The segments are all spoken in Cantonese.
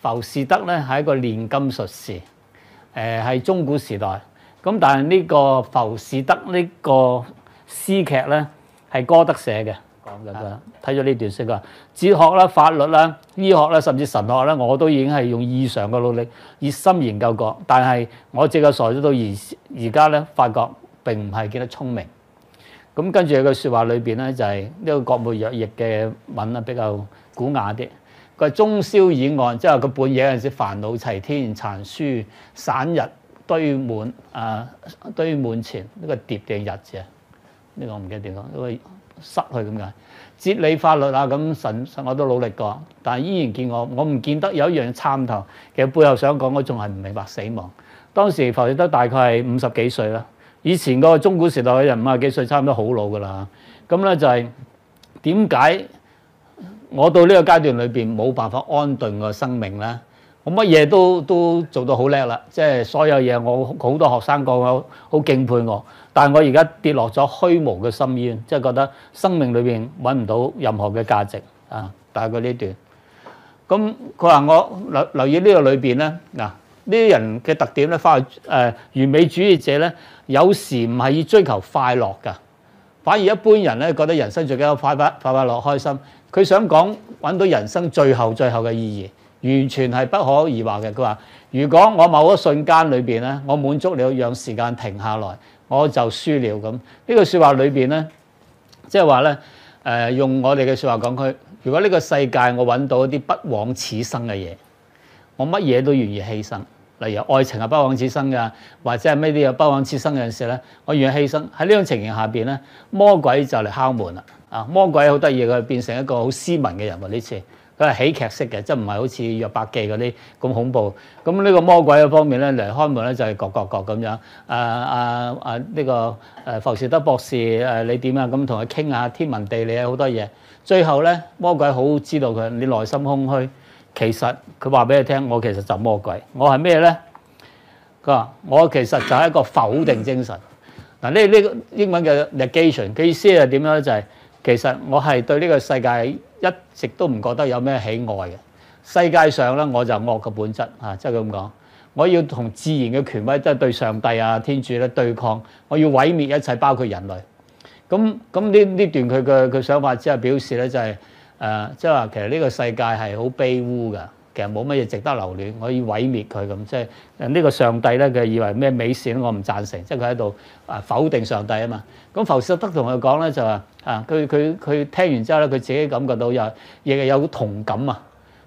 浮士德咧係一個煉金術士，誒係中古時代，咁但係呢個浮士德呢個詩劇咧係歌德寫嘅，講緊啦，睇咗呢段先啦。哲學啦、法律啦、醫學啦，甚至神學咧，我都已經係用異常嘅努力，熱心研究過，但係我直覺傻咗到而而家咧，發覺並唔係見得聰明。咁跟住有句説話裏邊咧，就係呢個郭沫若譯嘅文啊，比較古雅啲。佢係中宵以案，即係佢半夜嗰陣時煩惱齊天，殘書散日堆滿啊，堆滿前呢，這個疊嘅日子。啊、這個，呢、這個唔記得點講，因為失去咁解。哲理法律啊，咁神，神我都努力過，但係依然見我，我唔見得有一樣參透。其實背後想講，我仲係唔明白死亡。當時浮士德大概係五十幾歲啦。以前個中古時代嘅人五十幾歲，差唔多好老㗎啦。咁咧就係點解我到呢個階段裏邊冇辦法安頓我生命咧？我乜嘢都都做到好叻啦，即係所有嘢我好多學生講我好敬佩我，但係我而家跌落咗虛無嘅深淵，即係覺得生命裏邊揾唔到任何嘅價值啊！大概呢段，咁佢話我留留意呢個裏邊咧嗱，呢啲人嘅特點咧，返去誒完美主義者咧。有時唔係要追求快樂㗎，反而一般人咧覺得人生最緊要快快快快樂開心。佢想講，揾到人生最後最後嘅意義，完全係不可而話嘅。佢話：如果我某一個瞬間裏邊咧，我滿足了，讓時間停下來，我就輸了這。咁呢句説話裏邊咧，即係話咧，誒、呃、用我哋嘅説話講佢：如果呢個世界我揾到一啲不枉此生嘅嘢，我乜嘢都願意犧牲。例如愛情係，不枉此生㗎，或者係咩啲嘢？不枉此生嘅事咧，我願意犧牲。喺呢種情形下邊咧，魔鬼就嚟敲門啦。啊，魔鬼好得意，佢變成一個好斯文嘅人物呢次。佢係喜劇式嘅，即係唔係好似《約伯記》嗰啲咁恐怖。咁呢個魔鬼嘅方面咧嚟開門咧就係各各各咁樣。啊啊啊！呢、啊這個誒浮、啊、士德博士誒你點啊？咁同佢傾下天文地理好多嘢。最後咧，魔鬼好知道佢你內心空虛。其實佢話俾你聽，我其實就魔鬼，我係咩咧？佢話我其實就係一個否定精神。嗱，呢呢個英文嘅 negation 嘅意思係點樣咧？就係其實我係對呢個世界一直都唔覺得有咩喜愛嘅。世界上咧，我就惡嘅本質啊，即係咁講。我要同自然嘅權威，即係對上帝啊、天主咧對抗。我要毀滅一切，包括人類。咁咁呢呢段佢嘅佢想法只係表示咧，就係。誒，即係話其實呢個世界係好卑污㗎，其實冇乜嘢值得留戀，可以毀滅佢咁。即係誒呢個上帝咧，佢以為咩美善，我唔贊成，即係佢喺度啊否定上帝啊嘛。咁浮士德同佢講咧就話啊，佢佢佢聽完之後咧，佢自己感覺到有亦係有同感啊。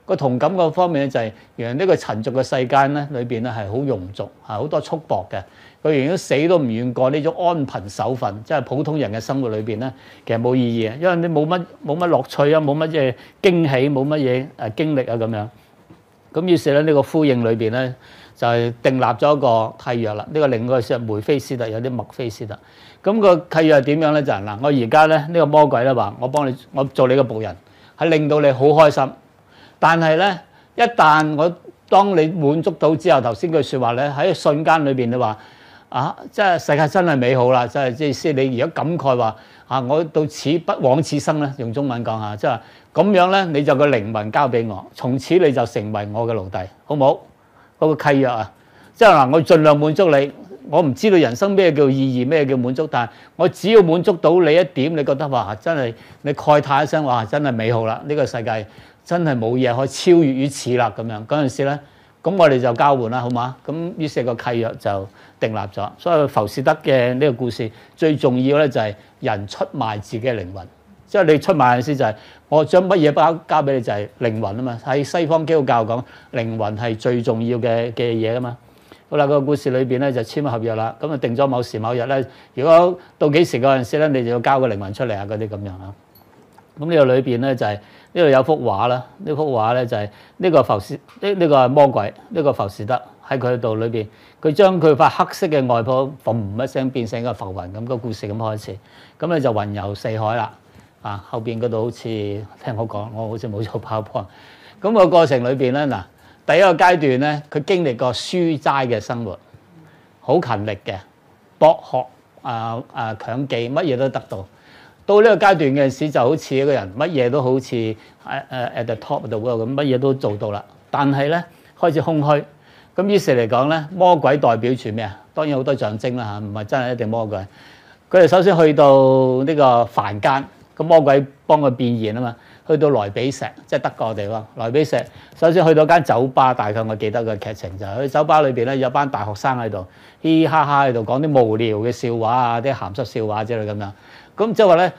個同感個方面咧，就是，就係讓呢個塵俗嘅世間咧，裏邊咧係好庸俗，係好多束縛嘅。佢如果死都唔願過呢種安貧守份，即係普通人嘅生活裏邊咧，其實冇意義啊，因為你冇乜冇乜樂趣啊，冇乜嘢驚喜，冇乜嘢誒經歷啊，咁樣。咁於是咧，呢個呼應裏邊咧，就係訂立咗一個契約啦。呢、這個令佢説梅菲斯特有啲墨菲斯特。咁、那個契約係點樣咧？就係、是、嗱，我而家咧呢個魔鬼咧話：我幫你，我做你嘅僕人，係令到你好開心。但係咧，一旦我當你滿足到之後，頭先句説話咧喺瞬間裏邊你話啊，即係世界真係美好啦，即係即係你如果感慨話啊，我到此不枉此生啦。用中文講下，即係咁樣咧，你就個靈魂交俾我，從此你就成為我嘅奴隸，好唔好？嗰個契約啊，即係嗱，我盡量滿足你。我唔知道人生咩叫意義，咩叫滿足，但係我只要滿足到你一點，你覺得話真係你慨嘆一聲，話真係美好啦，呢個世界。真係冇嘢可以超越於此啦，咁樣嗰陣時咧，咁我哋就交換啦，好嘛？咁於是個契約就訂立咗。所以浮士德嘅呢個故事最重要咧就係人出賣自己嘅靈魂，即係你出賣嗰陣時就係我將乜嘢包交俾你就係靈魂啊嘛。喺西方基督教講靈魂係最重要嘅嘅嘢啊嘛。好啦，個故事裏邊咧就簽合約啦，咁啊定咗某時某日咧，如果到幾時嗰陣時咧，你就要交個靈魂出嚟啊，嗰啲咁樣啊。咁呢個裏面咧就係呢度有幅畫啦，呢幅畫咧就係、是、呢、這個浮士呢呢、這個係、這個、魔鬼，呢、這個浮士德喺佢度裏面，佢將佢塊黑色嘅外袍揈一聲變成一個浮雲，咁個故事咁開始，咁你就雲遊四海啦。啊，後面嗰度好似聽我講，我好似冇做泡泡。咁、那個過程裏面咧，嗱，第一個階段咧，佢經歷過書齋嘅生活，好勤力嘅，博學啊啊強記，乜嘢都得到。到呢個階段嘅時候，就好似一個人，乜嘢都好似喺誒 at the top 度喎，咁乜嘢都做到啦。但係咧，開始空虛。咁於是嚟講咧，魔鬼代表住咩啊？當然好多象徵啦嚇，唔係真係一定魔鬼。佢哋首先去到呢個凡間，咁魔鬼幫佢變現啊嘛。去到萊比錫，即係德國地喎。萊比錫首先去到間酒吧，大概我記得嘅劇情就係去酒吧裏邊咧，有班大學生喺度嘻嘻哈哈喺度講啲無聊嘅笑話啊，啲鹹濕笑話之類咁樣。咁即係話咧，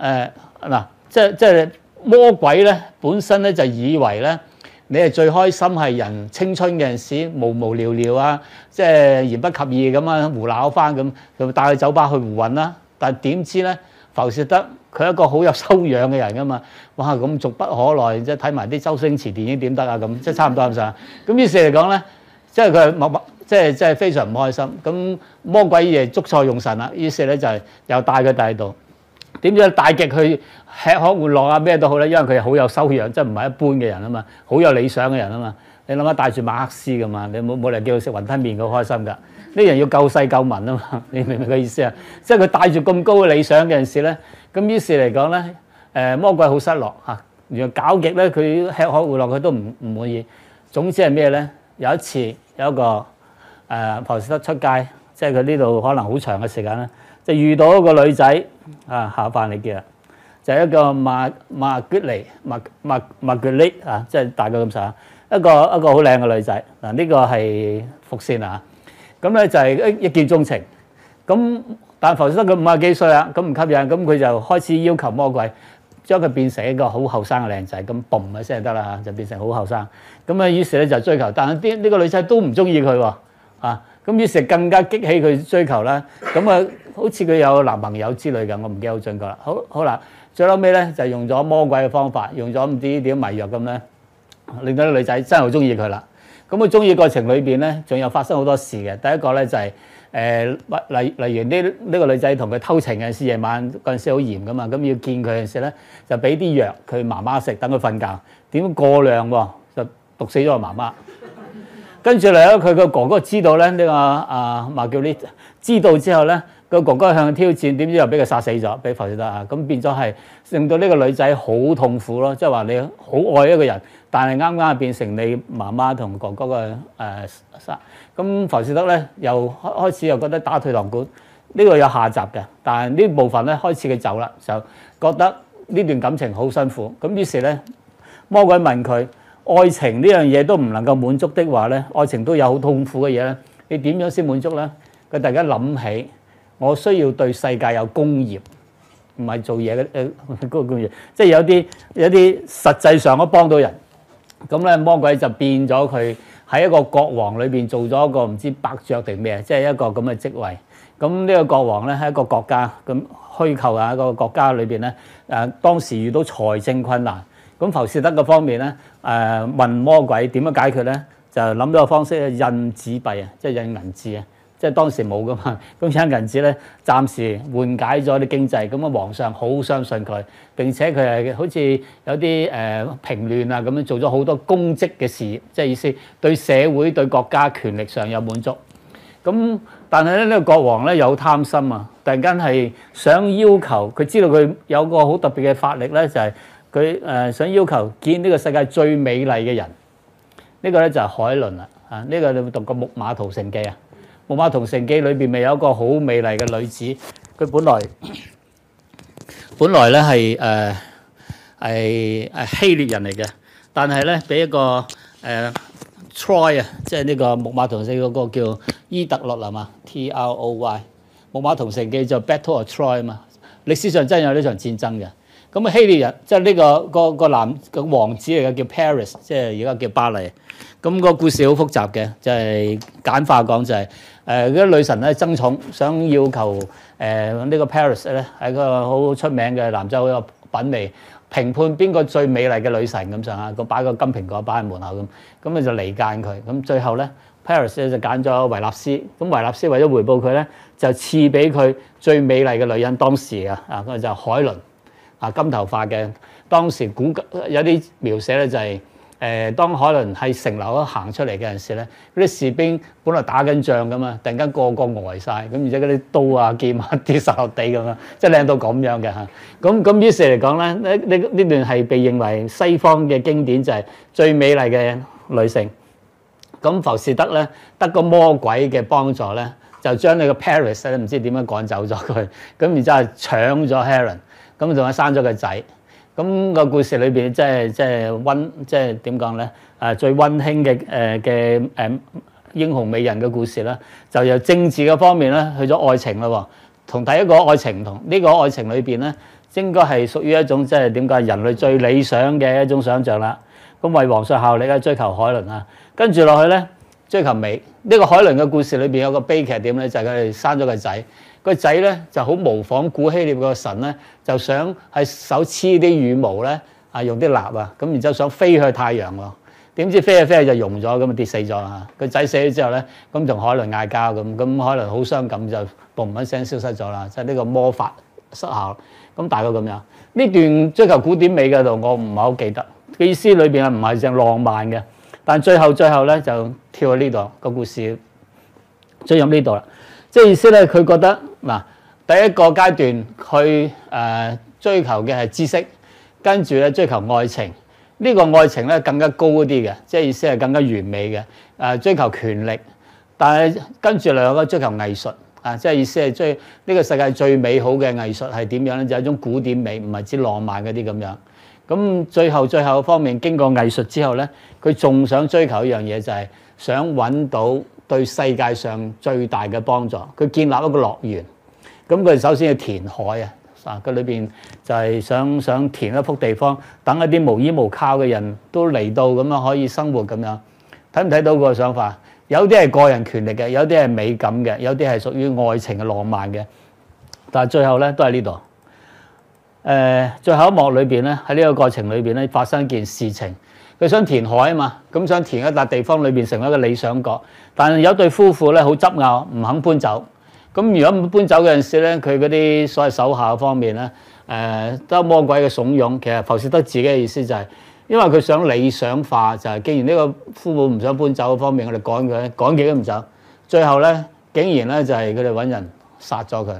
誒嗱、呃，即係即係魔鬼咧，本身咧就以為咧，你係最開心係人青春嘅陣時，無無聊聊啊，即、就、係、是、言不及義咁啊，胡鬧翻咁，就帶去酒吧去胡混啦。但點知咧，浮士德佢係一個好有修養嘅人噶嘛，哇咁俗不可耐，即係睇埋啲周星馳電影點得啊咁，即係差唔多咁上係啊？咁於是嚟講咧，即係個某某。即係真係非常唔開心，咁魔鬼夜捉錯用神啦。於是咧就係又帶佢喺度，點樣帶極佢吃喝玩樂啊？咩都好咧，因為佢好有修養，即係唔係一般嘅人啊嘛，好有理想嘅人啊嘛。你諗下帶住馬克思噶嘛，你冇冇理由叫佢食雲吞麪佢開心噶？呢樣要救世救民啊嘛，你明唔明個意思啊？ 即係佢帶住咁高嘅理想嘅陣時咧，咁於是嚟講咧，誒魔鬼好失落嚇，原來搞極咧佢吃喝玩樂佢都唔唔滿意。總之係咩咧？有一次有一個。誒，浮士德出街，即係佢呢度可能好長嘅時間啦，就遇到一個女仔啊，下飯你記啦，就一個麥麥格麗麥麥麥格麗啊，即係大概咁上下，一個一個好靚嘅女仔嗱，呢個係伏線啊，咁咧就係一一見鍾情，咁但係浮士德佢五十幾歲啊，咁唔吸引，咁佢就開始要求魔鬼將佢變成一個好後生嘅靚仔，咁嘣一聲就得啦嚇，就變成好後生，咁啊於是咧就追求，但係啲呢個女仔都唔中意佢喎。啊！咁於是更加激起佢追求啦。咁啊，好似佢有男朋友之類嘅，我唔記得好準確啦。好好啦，最後尾咧就用咗魔鬼嘅方法，用咗唔知點迷藥咁咧，令到啲女仔真係好中意佢啦。咁佢中意過程裏邊咧，仲有發生好多事嘅。第一個咧就係、是、誒、呃，例例如呢呢個女仔同佢偷情嘅時，夜晚嗰陣時好嚴嘅嘛，咁要見佢嗰陣時咧，就俾啲藥佢媽媽食，等佢瞓覺。點過量喎，就毒死咗個媽媽。跟住嚟咧，佢個哥哥知道咧呢、這個啊馬喬利知道之後咧，個哥哥向佢挑戰，點知又俾佢殺死咗，俾浮士德啊，咁變咗係令到呢個女仔好痛苦咯，即係話你好愛一個人，但係啱啱變成你媽媽同哥哥嘅誒殺，咁、呃、浮士德咧又開開始又覺得打退堂鼓，呢、這個有下集嘅，但係呢部分咧開始佢走啦，就覺得呢段感情好辛苦，咁於是咧魔鬼問佢。愛情呢樣嘢都唔能夠滿足的話咧，愛情都有好痛苦嘅嘢咧。你點樣先滿足咧？佢突然間諗起，我需要對世界有功業，唔係做嘢嘅誒嗰個功業，即係有啲有啲實際上都幫到人。咁咧，魔鬼就變咗佢喺一個國王裏邊做咗一個唔知伯爵定咩，即係一個咁嘅職位。咁呢個國王咧喺一個國家咁虛構啊一個國家裏邊咧，誒、啊、當時遇到財政困難。咁浮士德個方面咧，誒問魔鬼點樣解決咧，就諗到個方式印紙幣啊，即係印銀紙啊，即係當時冇噶嘛。咁印銀紙咧，暫時緩解咗啲經濟。咁啊，皇上好相信佢，並且佢係好似有啲誒、呃、平亂啊咁樣做咗好多功績嘅事，即係意思對社會對國家權力上有滿足。咁但係咧，呢、這個國王咧又好貪心啊，突然間係想要求佢知道佢有個好特別嘅法力咧，就係、是。佢誒想要求見呢個世界最美麗嘅人，呢個咧就係海倫啦。啊，呢個你會讀過《木馬屠城記》啊，《木馬屠城記》裏邊咪有一個好美麗嘅女子。佢本來本來咧係誒係誒希臘人嚟嘅，但係咧俾一個誒 Troy 啊，即係呢個《木馬屠城》嗰個叫伊特洛林啊，T R O Y。《木馬屠城記》就 Battle of Troy 啊嘛，歷史上真係有呢場戰爭嘅。咁啊，希臘人即係呢個個、這個男、這個王子嚟嘅，叫 Paris，即係而家叫巴黎。咁、那個故事好複雜嘅，就係、是、簡化講就係誒嗰啲女神咧爭寵，想要求誒、呃這個、呢是一個 Paris 咧喺個好出名嘅男仔，好有品味，評判邊個最美麗嘅女神咁上下。佢擺個金蘋果擺喺門口咁，咁咪就離間佢。咁最後咧，Paris 咧就揀咗維納斯。咁維納斯為咗回報佢咧，就賜俾佢最美麗嘅女人，當時啊啊，嗰個就係海倫。啊！金頭髮嘅，當時古有啲描寫咧、就是，就係誒當海倫喺城樓行出嚟嘅陣時咧，啲士兵本來打緊仗咁嘛，突然間個個呆晒，咁，而且嗰啲刀啊劍跌曬落地咁啊，即係靚到咁樣嘅嚇。咁咁於是嚟講咧，呢呢呢段係被認為西方嘅經典就係最美麗嘅女性。咁浮士德咧得個魔鬼嘅幫助咧，就將你個 Paris 咧唔知點樣趕走咗佢，咁然之後搶咗海倫咁仲有生咗個仔，咁，那個故事裏邊即係即係溫即係點講咧？誒、就是就是啊，最溫馨嘅誒嘅誒英雄美人嘅故事啦，就由政治嘅方面咧去咗愛情咯，同第一個愛情唔同。呢個愛情裏邊咧，應該係屬於一種即係點解人類最理想嘅一種想象啦。咁為皇上效力啊，追求海倫啊，跟住落去咧，追求美。呢、這個海倫嘅故事裏邊有個悲劇點咧，就係佢哋生咗個仔。個仔咧就好模仿古希臘個神咧，就想喺手黐啲羽毛咧，啊用啲蠟啊，咁然之後想飛去太陽喎。點知飛啊飛啊就融咗，咁啊跌死咗啦。個仔死咗之後咧，咁同海倫嗌交咁，咁海倫好傷感就嘣一聲消失咗啦。即係呢個魔法失效。咁大概咁樣。呢段追求古典美嘅度，我唔係好記得。嘅意思裏邊啊，唔係淨浪漫嘅，但最後最後咧就跳喺呢度個故事就在這裏，進入呢度啦。即係意思咧，佢覺得。嗱，第一個階段佢誒追求嘅係知識，跟住咧追求愛情。呢個愛情咧更加高啲嘅，即係意思係更加完美嘅。誒追求權力，但係跟住嚟有個追求藝術。啊，即係意思係追呢個世界最美好嘅藝術係點樣咧？就係一種古典美，唔係只浪漫嗰啲咁樣。咁最後最後方面，經過藝術之後咧，佢仲想追求一樣嘢，就係想揾到對世界上最大嘅幫助。佢建立一個樂園。咁佢首先要填海啊！啊，佢裏面就係想想填一幅地方，等一啲無依無靠嘅人都嚟到咁樣可以生活咁樣，睇唔睇到個想法？有啲係個人權力嘅，有啲係美感嘅，有啲係屬於愛情嘅浪漫嘅。但係最後咧都係呢度。誒，最後一幕裏面咧，喺呢個過程裏面咧，發生一件事情，佢想填海啊嘛，咁想填一笪地方裏面，成為一個理想國，但係有對夫婦咧好執拗，唔肯搬走。咁如果唔搬走嗰陣時咧，佢嗰啲所謂手下嘅方面咧，誒、呃、都魔鬼嘅慫恿，其實浮士德自己嘅意思就係、是，因為佢想理想化，就係、是、既然呢個父母唔想搬走嘅方面，我哋趕佢，趕幾都唔走，最後咧竟然咧就係佢哋搵人殺咗佢。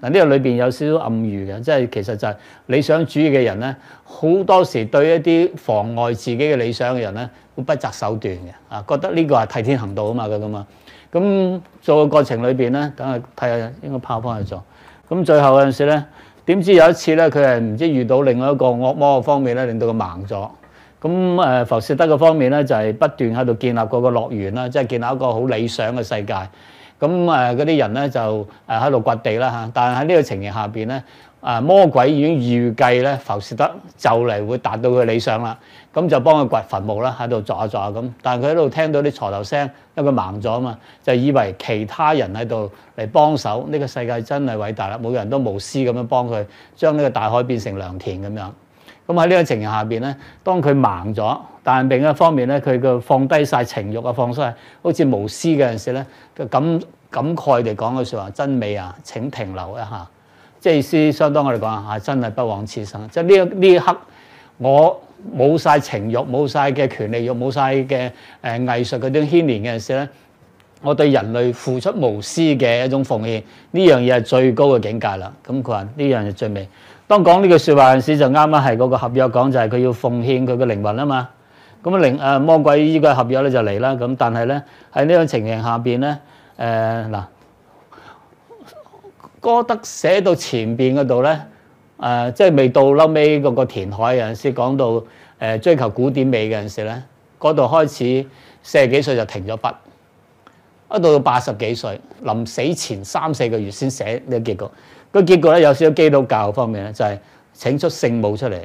嗱呢個裏邊有少少暗喻嘅，即係其實就係理想主義嘅人咧，好多時對一啲妨礙自己嘅理想嘅人咧，會不擇手段嘅，啊覺得呢個係替天行道啊嘛，咁啊。咁做嘅過程裏面咧，等下睇下應該炮翻去做。咁最後嗰陣時咧，點知有一次咧，佢係唔知遇到另外一個惡魔嘅方面咧，令到佢盲咗。咁誒，浮士德嘅方面咧，就係不斷喺度建立個個樂園啦，即係建立一個好理想嘅世界。咁嗰啲人咧就喺度掘地啦嚇。但係喺呢個情形下邊咧。啊！魔鬼已經預計咧，浮士德就嚟會達到佢理想啦，咁就幫佢掘墳墓啦，喺度鑿下鑿下咁。但係佢喺度聽到啲嘈鬧聲，因為佢盲咗啊嘛，就以為其他人喺度嚟幫手。呢、這個世界真係偉大啦，每個人都無私咁樣幫佢，將呢個大海變成良田咁樣。咁喺呢個情形下邊咧，當佢盲咗，但係另一方面咧，佢嘅放低晒情慾啊，放低好似無私嗰陣時咧，佢感感慨地講句説話：真美啊！請停留一下。即係意思，相當我哋講、啊、真係不枉此生。即係呢呢刻，我冇晒情欲，冇晒嘅權力慾，冇晒嘅誒藝術啲牽連嘅時咧，我對人類付出無私嘅一種奉獻，呢樣嘢係最高嘅境界啦。咁佢話呢樣最美。當講呢句説話嗰陣時，就啱啱係嗰個合約講，就係、是、佢要奉獻佢嘅靈魂啊嘛。咁啊靈誒魔鬼依個合約咧就嚟啦。咁但係咧喺呢種情形下邊咧嗱。呃歌德寫到前邊嗰度咧，誒、呃、即係未到後尾嗰個填海有陣時，講到誒追求古典美嗰陣時咧，嗰度開始四十幾歲就停咗筆，一到八十幾歲臨死前三四個月先寫呢個結局。個結局咧有少少基督教方面咧，就係請出聖母出嚟，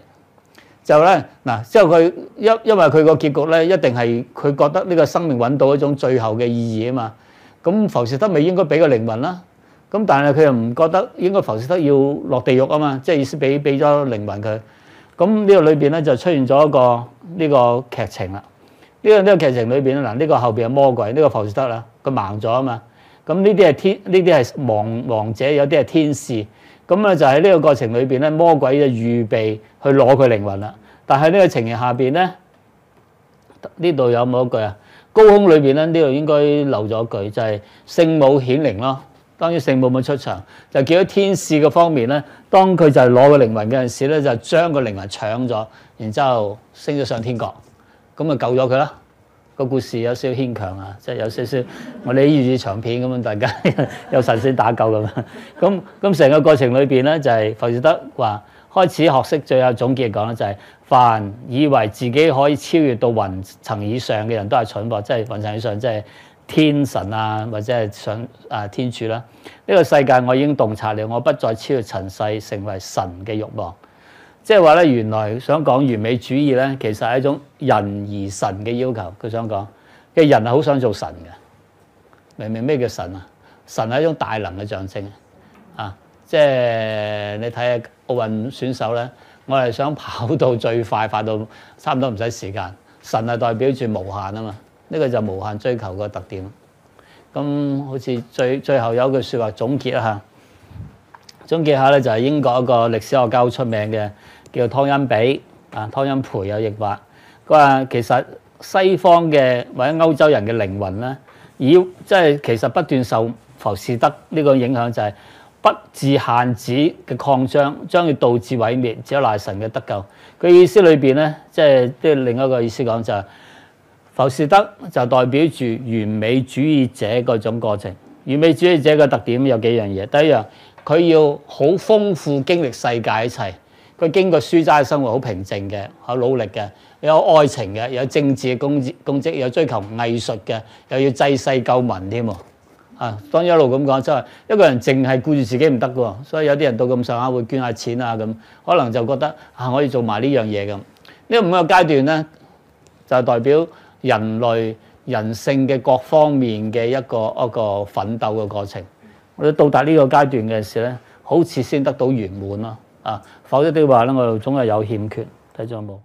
就咧嗱，之後佢因因為佢個結局咧一定係佢覺得呢個生命揾到一種最後嘅意義啊嘛，咁浮士德咪應該俾個靈魂啦。咁但係佢又唔覺得應該浮士德要落地獄啊嘛，即係意思俾俾咗靈魂佢。咁呢個裏邊咧就出現咗一個呢個劇情啦。呢個呢個劇情裏邊啦，嗱呢個後邊係魔鬼，呢個浮士德啦，佢盲咗啊嘛。咁呢啲係天，呢啲係亡亡者，有啲係天使。咁咧就喺呢個過程裏邊咧，魔鬼就預備去攞佢靈魂啦。但係呢個情形下邊咧，呢度有冇一句啊？高空裏邊咧，呢度應該漏咗一句，就係聖母顯靈咯。當然聖母冇出場，就見到天使嘅方面咧。當佢就係攞個靈魂嗰陣時咧，就將個靈魂搶咗，然之後升咗上天國，咁啊救咗佢啦。個故事有少少牽強啊，即係有少少我哋啲粵語長片咁樣，大家有神仙打救咁。咁咁成個過程裏邊咧，就係浮士德話開始學識，最後總結講咧就係：凡以為自己可以超越到雲層以上嘅人都係蠢噃，即係雲層以上即係。天神啊，或者係想啊天主啦、啊，呢、呢個世界我已經洞察了，我不再超越塵世，成為神嘅欲望。即係話咧，原來想講完美主義咧，其實係一種人而神嘅要求。佢想講嘅人係好想做神嘅，明唔明咩叫神啊？神係一種大能嘅象徵啊！即係你睇下奧運選手咧，我係想跑到最快，快到差唔多唔使時間。神係代表住無限啊嘛。呢個就是無限追求個特點，咁好似最最後有句説話總結一下，總結下咧就係，是、英國一個歷史學家好出名嘅，叫做湯恩比啊，湯恩培有譯法。佢話其實西方嘅或者歐洲人嘅靈魂咧，以即係其實不斷受浮士德呢、這個影響，就係不自限止嘅擴張，將要導致毀滅，只有賴神嘅得救。佢意思裏邊咧，即係即係另一個意思講就係、是。浮士德就代表住完美主義者嗰種過程。完美主義者嘅特點有幾樣嘢。第一樣，佢要好豐富經歷世界一切。佢經過書齋嘅生活很靜的，好平靜嘅，好努力嘅，有愛情嘅，有政治嘅公公職，有追求藝術嘅，又要濟世救民添啊。當一路咁講即係一個人淨係顧住自己唔得嘅，所以有啲人到咁上下會捐下錢啊咁，可能就覺得啊，可以做埋呢樣嘢咁。呢五個階段咧就代表。人類人性嘅各方面嘅一個一個奮鬥嘅過程，我哋到達呢個階段嘅時候咧，好似先得到圓滿咯，啊，否則的話咧，我哋總係有，有欠缺。睇張冇。